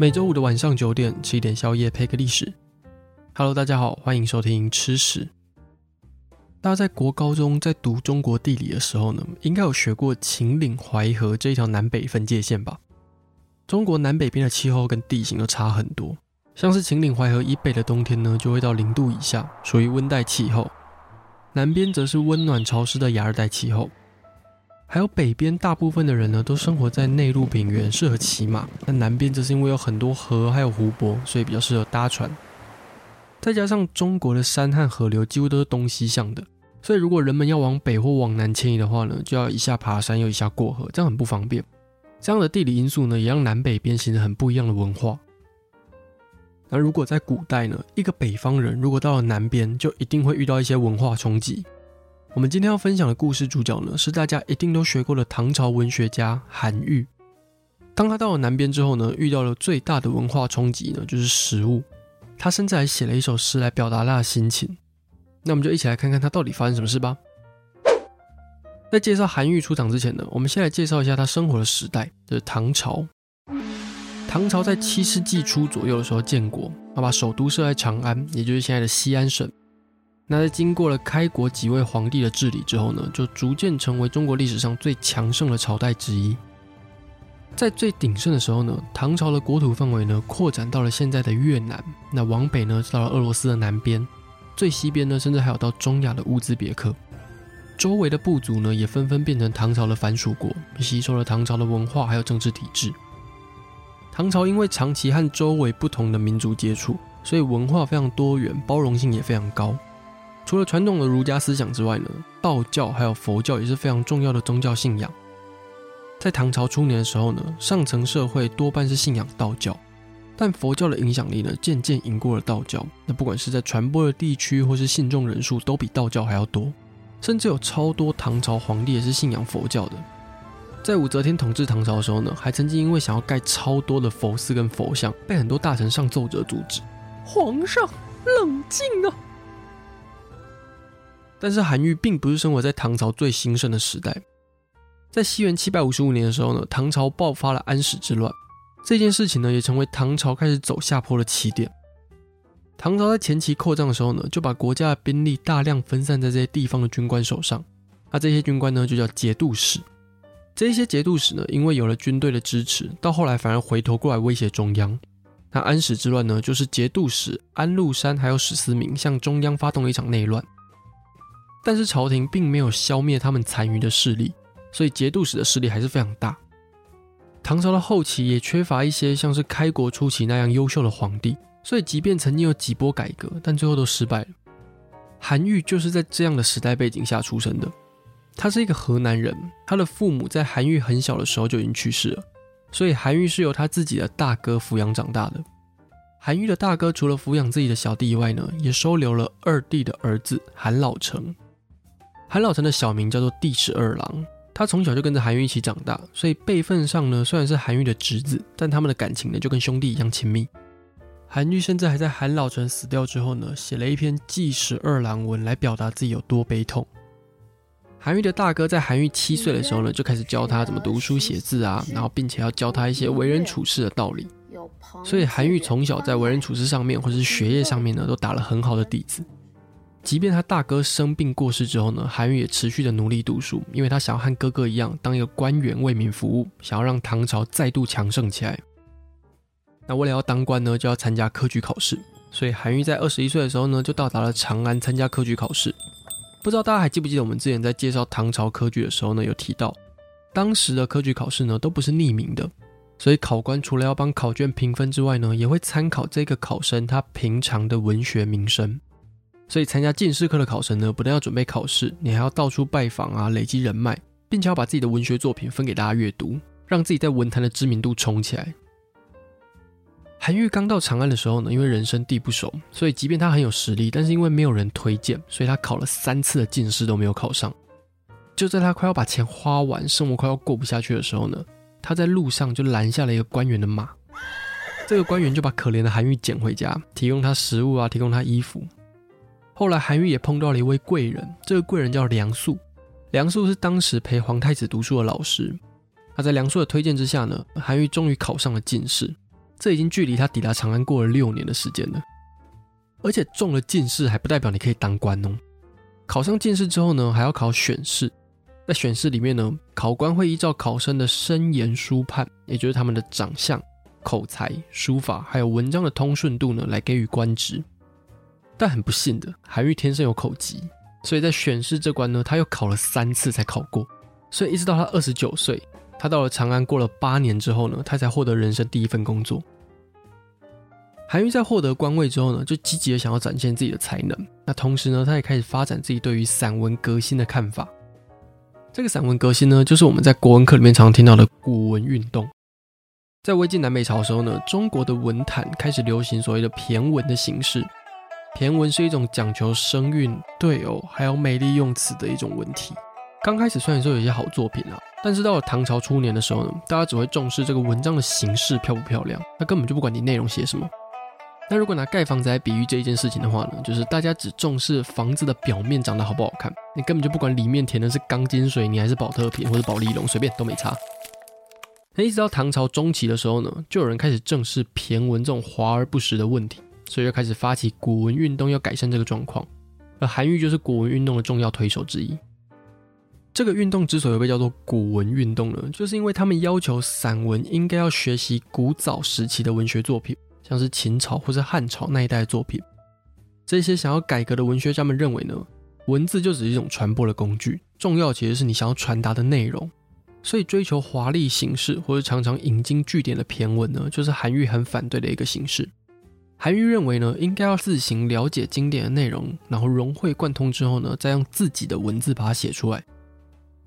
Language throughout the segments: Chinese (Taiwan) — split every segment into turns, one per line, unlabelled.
每週五的晚上九點，吃一點宵夜，配個歷史。Hello，大家好，歡迎收聽吃史。大家在國高中在讀中國地理的時候呢，應該有學過秦嶺淮河這一條南北分界線吧？中國南北邊的氣候跟地形都差很多，像是秦嶺淮河以北的冬天呢，就會到零度以下，屬於溫帶氣候；南邊則是溫暖潮濕的亞熱帶氣候。還有北邊大部分的人呢，都生活在內陸平原，適合騎馬；那南邊則是因為有很多河還有湖泊，所以比較適合搭船。再加上中國的山和河流幾乎都是東西向的，所以如果人們要往北或往南遷移的話呢，就要一下爬山又一下過河，這樣很不方便。這樣的地理因素呢，也讓南北邊形成很不一樣的文化。那如果在古代呢，一個北方人如果到了南邊，就一定會遇到一些文化衝擊。我們今天要分享的故事主角呢，是大家一定都學過的唐朝文學家韓愈。當他到了南邊之後呢，遇到了最大的文化衝擊呢，就是食物。他甚至還寫了一首詩來表達他的心情。那我們就一起來看看他到底發生什麼事吧。在介紹韓愈出場之前呢，我們先來介紹一下他生活的時代的、就是、唐朝。唐朝在七世紀初左右的時候建國，他把首都設在長安，也就是現在的西安省。那在經過了開國幾位皇帝的治理之後呢，就逐漸成為中國歷史上最強盛的朝代之一。在最鼎盛的時候呢，唐朝的國土範圍呢擴展到了現在的越南，那往北呢到了俄羅斯的南邊，最西邊呢甚至還有到中亞的烏茲別克。周圍的部族呢也紛紛變成唐朝的藩屬國，吸收了唐朝的文化還有政治體制。唐朝因為長期和周圍不同的民族接觸，所以文化非常多元，包容性也非常高。除了傳統的儒家思想之外呢，道教還有佛教也是非常重要的宗教信仰。在唐朝初年的時候呢，上層社會多半是信仰道教，但佛教的影響力呢，漸漸贏過了道教。那不管是在傳播的地區，或是信眾人數，都比道教還要多。甚至有超多唐朝皇帝也是信仰佛教的。在武則天統治唐朝的時候呢，還曾經因為想要蓋超多的佛寺跟佛像，被很多大臣上奏摺阻止。皇上，冷靜啊！但是韓愈並不是生活在唐朝最興盛的時代，在西元七百五十五年的時候呢，唐朝爆發了安史之亂，這件事情呢也成為唐朝開始走下坡的起點。唐朝在前期擴張的時候呢，就把國家的兵力大量分散在這些地方的軍官手上，那這些軍官呢就叫節度使。這些節度使呢，因為有了軍隊的支持，到後來反而回頭過來威脅中央。那安史之亂呢，就是節度使安祿山還有史思明向中央發動了一場內亂。但是朝廷並沒有消滅他們殘餘的勢力，所以節度使的勢力還是非常大。唐朝的後期也缺乏一些像是開國初期那樣優秀的皇帝，所以即便曾經有幾波改革，但最後都失敗了。韓愈就是在這樣的時代背景下出生的，他是一個河南人，他的父母在韓愈很小的時候就已經去世了，所以韓愈是由他自己的大哥撫養長大的。韓愈的大哥除了撫養自己的小弟以外呢，也收留了二弟的兒子，韓老成。韓老成的小名叫做第十二郎，他從小就跟着韓愈一起長大，所以輩分上呢，雖然是韓愈的侄子，但他們的感情呢就跟兄弟一樣親密。韓愈甚至還在韓老成死掉之後呢，寫了一篇《祭十二郎文》來表達自己有多悲痛。韓愈的大哥在韓愈七歲的時候呢，就開始教他怎麼讀書寫字啊，然後並且要教他一些為人處事的道理。所以韓愈從小在為人處事上面或者是學業上面呢，都打了很好的底子。即便他大哥生病過世之後呢，韓愈也持續的努力讀書，因為他想要和哥哥一樣當一個官員為民服務，想要讓唐朝再度強盛起來。那為了要當官呢，就要參加科舉考試，所以韓愈在二十一歲的時候呢，就到達了長安參加科舉考試。不知道大家還記不記得我們之前在介紹唐朝科舉的時候呢，有提到，當時的科舉考試呢，都不是匿名的，所以考官除了要幫考卷評分之外呢，也會參考這個考生他平常的文學名聲。所以參加進士科的考生呢，不但要準備考試，你還要到處拜訪啊，累積人脈，並且要把自己的文學作品分給大家閱讀，讓自己在文壇的知名度衝起來。韓愈剛到長安的時候呢，因為人生地不熟，所以即便他很有實力，但是因為沒有人推薦，所以他考了三次的進士都沒有考上。就在他快要把錢花完，生活快要過不下去的時候呢，他在路上就攔下了一個官員的馬，這個官員就把可憐的韓愈撿回家，提供他食物啊，提供他衣服。後來韓愈也碰到了一位貴人，這個貴人叫梁肅。梁肅是當時陪皇太子讀書的老師。他在梁肅的推薦之下呢，韓愈終於考上了進士。這已經距離他抵達長安過了六年的時間了。而且中了進士還不代表你可以當官哦。考上進士之後呢，還要考選試，在選試裡面呢，考官會依照考生的身言、書判，也就是他們的長相、口才、書法，還有文章的通順度呢，來給予官職。但很不幸的，韓愈天生有口疾，所以在選試這關呢，他又考了三次才考過。所以一直到他二十九歲，他到了長安，過了八年之後呢，他才獲得人生第一份工作。韓愈在獲得官位之後呢，就積極地想要展現自己的才能。那同時呢，他也開始發展自己對於散文革新的看法。這個散文革新呢，就是我們在國文課裡面常常聽到的古文運動。在魏晉南北朝的時候呢，中國的文壇開始流行所謂的駢文的形式。駢文是一種講求聲韻對偶，哦，還有美麗用詞的一種文體。剛開始雖然說有些好作品啊，但是到了唐朝初年的時候呢，大家只會重視這個文章的形式漂不漂亮，那根本就不管你內容寫什麼。那如果拿蓋房子來比喻這一件事情的話呢，就是大家只重視房子的表面長得好不好看，你根本就不管裡面填的是鋼筋水泥還是寶特瓶或者保麗龍，隨便都沒差。那一直到唐朝中期的時候呢，就有人開始正視駢文這種華而不實的問題。所以，就開始發起古文運動，要改善這個狀況。而韓愈就是古文運動的重要推手之一。這個運動之所以被叫做古文運動呢，就是因為他們要求散文應該要學習古早時期的文學作品，像是秦朝或是漢朝那一代的作品。這些想要改革的文學家們認為呢，文字就只是一種傳播的工具，重要其實是你想要傳達的內容。所以，追求華麗形式或是常常引經據典的駢文呢，就是韓愈很反對的一個形式。韓愈認為呢，應該要自行了解經典的內容，然後融會貫通之後呢，再用自己的文字把它寫出來。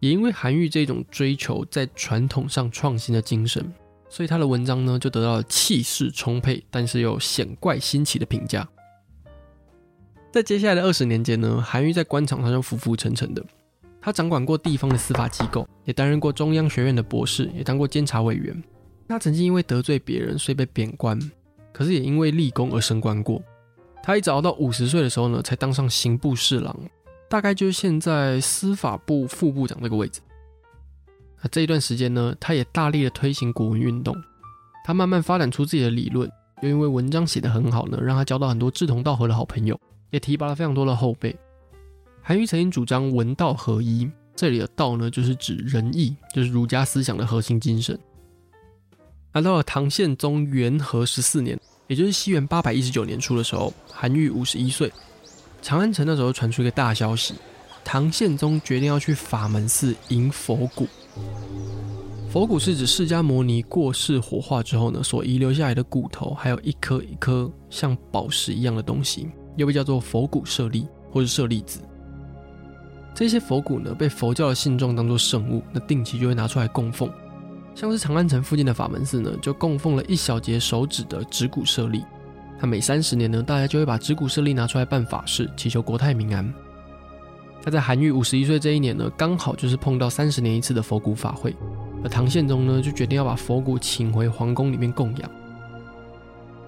也因為韓愈這種追求在傳統上創新的精神，所以他的文章呢，就得到了氣勢充沛，但是又顯怪新奇的評價。在接下來的二十年間呢，韓愈在官場上就浮浮沉沉的，他掌管過地方的司法機構，也擔任過中央學院的博士，也當過監察委員。他曾經因為得罪別人，所以被貶官。可是也因為立功而升官過，他一直熬到五十歲的時候呢，才當上刑部侍郎，大概就是現在司法部副部長這個位置。那這一段時間呢，他也大力的推行古文運動，他慢慢發展出自己的理論，又因為文章寫得很好呢，讓他交到很多志同道合的好朋友，也提拔了非常多的後輩。韓愈曾經主張文道合一，這裡的道呢，就是指仁義，就是儒家思想的核心精神。來到了唐憲宗元和十四年，也就是西元八百一十九年初的時候，韓愈五十一歲。長安城那時候傳出一個大消息，唐憲宗決定要去法門寺迎佛骨。佛骨是指釋迦牟尼過世火化之後呢，所遺留下來的骨頭，還有一顆一顆像寶石一樣的東西，又被叫做佛骨舍利或是舍利子。這些佛骨呢，被佛教的信眾當作聖物，那定期就會拿出來供奉。像是長安城附近的法門寺呢，就供奉了一小截手指的指骨舍利。他每三十年呢，大家就會把指骨舍利拿出來辦法事，祈求國泰民安。他在韓愈五十一歲這一年呢，剛好就是碰到三十年一次的佛骨法會，而唐憲宗呢，就決定要把佛骨請回皇宮裡面供養。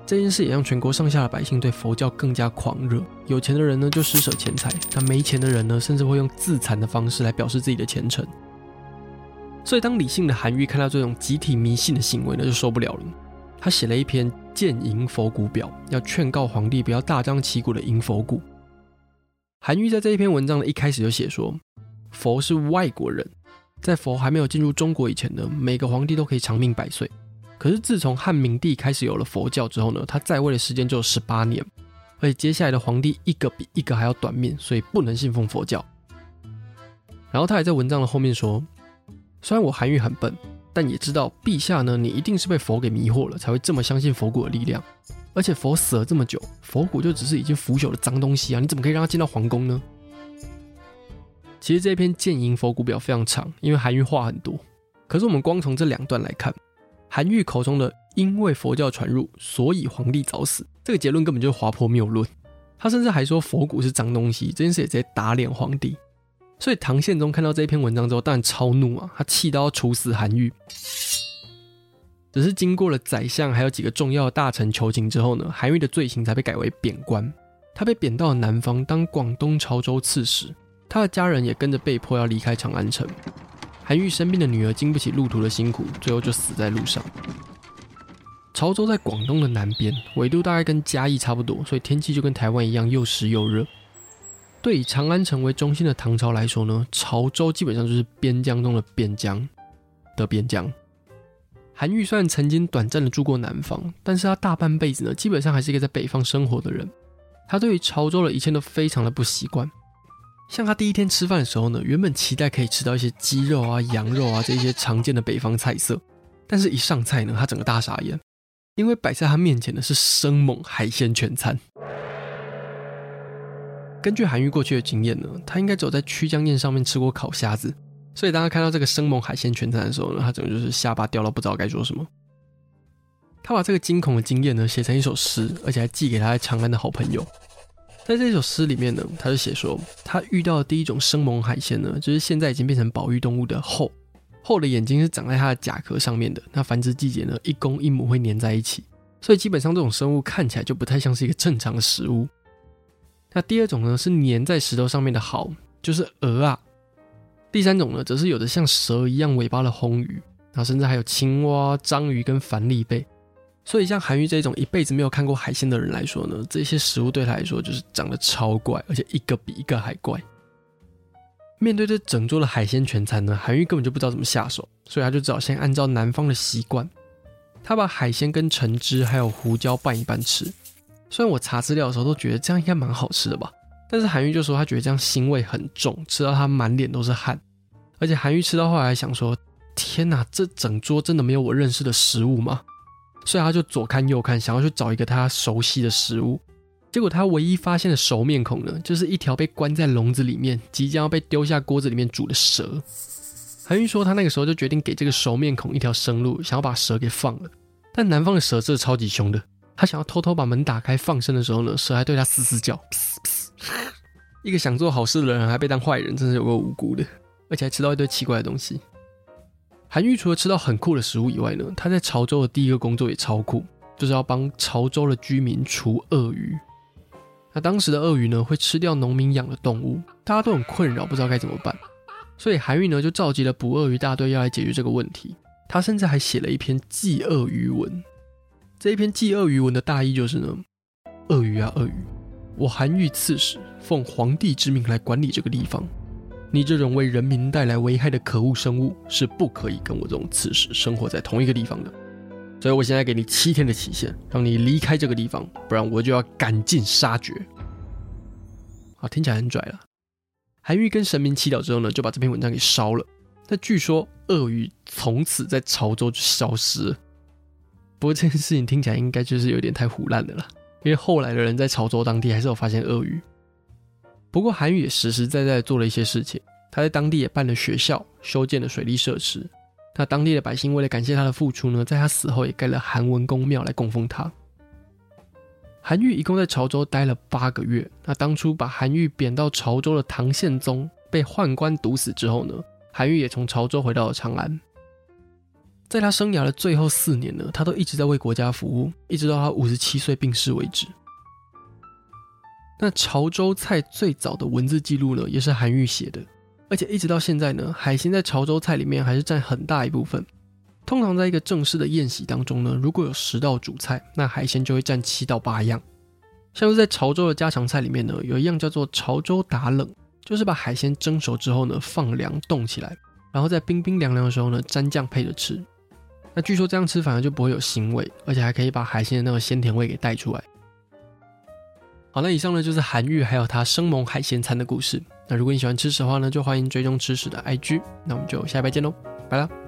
這件事也讓全國上下的百姓對佛教更加狂熱。有錢的人呢，就施捨錢財，但沒錢的人呢，甚至會用自殘的方式來表示自己的虔誠。所以，當理性的韓愈看到這種集體迷信的行為呢，就受不了了。他寫了一篇《諫迎佛骨表》，要勸告皇帝不要大張旗鼓的迎佛骨。韓愈在這一篇文章的一開始就寫說，佛是外國人，在佛還沒有進入中國以前呢，每個皇帝都可以長命百歲。可是自從漢明帝開始有了佛教之後呢，他在位的時間只有十八年，而且接下來的皇帝一個比一個還要短命，所以不能信奉佛教。然後他還在文章的後面說。雖然我韓愈很笨，但也知道陛下呢，你一定是被佛給迷惑了，才會這麼相信佛骨的力量。而且佛死了這麼久，佛骨就只是已經腐朽的髒東西啊！你怎麼可以讓他進到皇宮呢？其實這一篇《諫迎佛骨表》非常長，因為韓愈話很多。可是我們光從這兩段來看，韓愈口中的“因為佛教傳入，所以皇帝早死”這個結論根本就是滑坡謬論。他甚至還說佛骨是髒東西，這件事也在打臉皇帝。所以唐憲宗看到這一篇文章之後，當然超怒啊！他氣到要處死韓愈。只是經過了宰相還有幾個重要的大臣求情之後呢，韓愈的罪行才被改為貶官。他被貶到了南方當廣東潮州刺史，他的家人也跟着被迫要離開長安城。韓愈生病的女兒經不起路途的辛苦，最後就死在路上。潮州在廣東的南邊，緯度大概跟嘉義差不多，所以天氣就跟台灣一樣又濕又熱。對以長安城為中心的唐朝來說呢，潮州基本上就是邊疆中的邊疆的邊疆。韓愈雖然曾經短暫的住過南方，但是他大半輩子呢，基本上還是一個在北方生活的人。他對於潮州的一切都非常的不習慣。像他第一天吃飯的時候呢，原本期待可以吃到一些雞肉啊、羊肉啊這些常見的北方菜色，但是一上菜呢，他整個大傻眼，因為擺在他面前的是生猛海鮮全餐。根據韓癒過去的經驗呢，他應該只有在曲江宴上面吃過烤蝦子，所以當他看到這個生猛海鮮全餐的時候呢，他整個就是下巴掉了，不知道該說什麼。他把這個驚恐的經驗呢寫成一首詩，而且還寄給他在長安的好朋友。在這首詩裡面呢，他就寫說，他遇到的第一種生猛海鮮呢，就是現在已經變成保育動物的鱟，鱟的眼睛是長在它的甲殼上面的。那繁殖季節呢，一公一母會粘在一起，所以基本上這種生物看起來就不太像是一個正常的食物。那第二種呢，是粘在石頭上面的蠔，就是鵝啊。第三種呢則是有著像蛇一樣尾巴的紅魚，然後甚至還有青蛙、章魚跟帆立貝。所以像韓愈這種一輩子沒有看過海鮮的人來說呢，這些食物對他來說就是長得超怪，而且一個比一個還怪。面對這整桌的海鮮全餐呢，韓愈根本就不知道怎麼下手，所以他就只好先按照南方的習慣，他把海鮮跟橙汁還有胡椒拌一拌吃。雖然我查資料的時候都覺得這樣應該蠻好吃的吧，但是韓愈就說他覺得這樣腥味很重，吃到他滿臉都是汗。而且韓愈吃到後來還想說：天哪，這整桌真的沒有我認識的食物嗎？所以他就左看右看，想要去找一個他熟悉的食物。結果他唯一發現的熟面孔呢，就是一條被關在籠子裡面，即將要被丟下鍋子裡面煮的蛇。韓愈說他那個時候就決定給這個熟面孔一條生路，想要把蛇給放了。但南方的蛇是超級凶的。他想要偷偷把門打開放生的時候呢，蛇還對他嘶嘶叫，一個想做好事的人還被當壞人，真是有夠無辜的，而且還吃到一堆奇怪的東西。韓愈除了吃到很酷的食物以外呢，他在潮州的第一個工作也超酷，就是要幫潮州的居民除鱷魚。那當時的鱷魚呢，會吃掉農民養的動物，大家都很困擾，不知道該怎麼辦，所以韓愈呢就召集了捕鱷魚大隊要來解決這個問題。他甚至還寫了一篇《祭鱷魚文》。這一篇《祭鱷魚文》的大意就是呢，鱷魚啊鱷魚，我韓愈刺史奉皇帝之命來管理這個地方，你這種為人民帶來危害的可惡生物是不可以跟我這種刺史生活在同一個地方的，所以我現在給你七天的期限，讓你離開這個地方，不然我就要趕盡殺絕。好，聽起來很拽了。韓愈跟神明祈禱之後呢，就把這篇文章給燒了。但據說鱷魚從此在潮州就消失了。不過這件事情聽起來應該就是有點太唬爛了啦，因為後來的人在潮州當地還是有發現鱷魚。不過韓愈也實實在在做了一些事情，他在當地也辦了學校，修建了水利設施。那當地的百姓為了感謝他的付出呢，在他死後也蓋了韓文公廟來供奉他。韓愈一共在潮州待了八個月。那當初把韓愈貶到潮州的唐憲宗被宦官毒死之後呢，韓愈也從潮州回到了長安。在他生涯的最後四年呢，他都一直在為國家服務，一直到他五十七歲病逝為止。那潮州菜最早的文字記錄呢，也是韓愈寫的，而且一直到現在呢，海鮮在潮州菜裡面還是占很大一部分。通常在一個正式的宴席當中呢，如果有十道主菜，那海鮮就會占七到八樣。像是在潮州的家常菜裡面呢，有一樣叫做潮州打冷，就是把海鮮蒸熟之後呢，放涼凍起來，然後在冰冰涼涼的時候呢，蘸醬配着吃。那據說這樣吃反而就不會有腥味，而且還可以把海鮮的那個鮮甜味給帶出來。好，那以上呢就是韓愈還有他生猛海鮮餐的故事。那如果你喜歡吃史的話呢，就歡迎追蹤吃史的 IG。那我們就下禮拜見嘍，拜啦。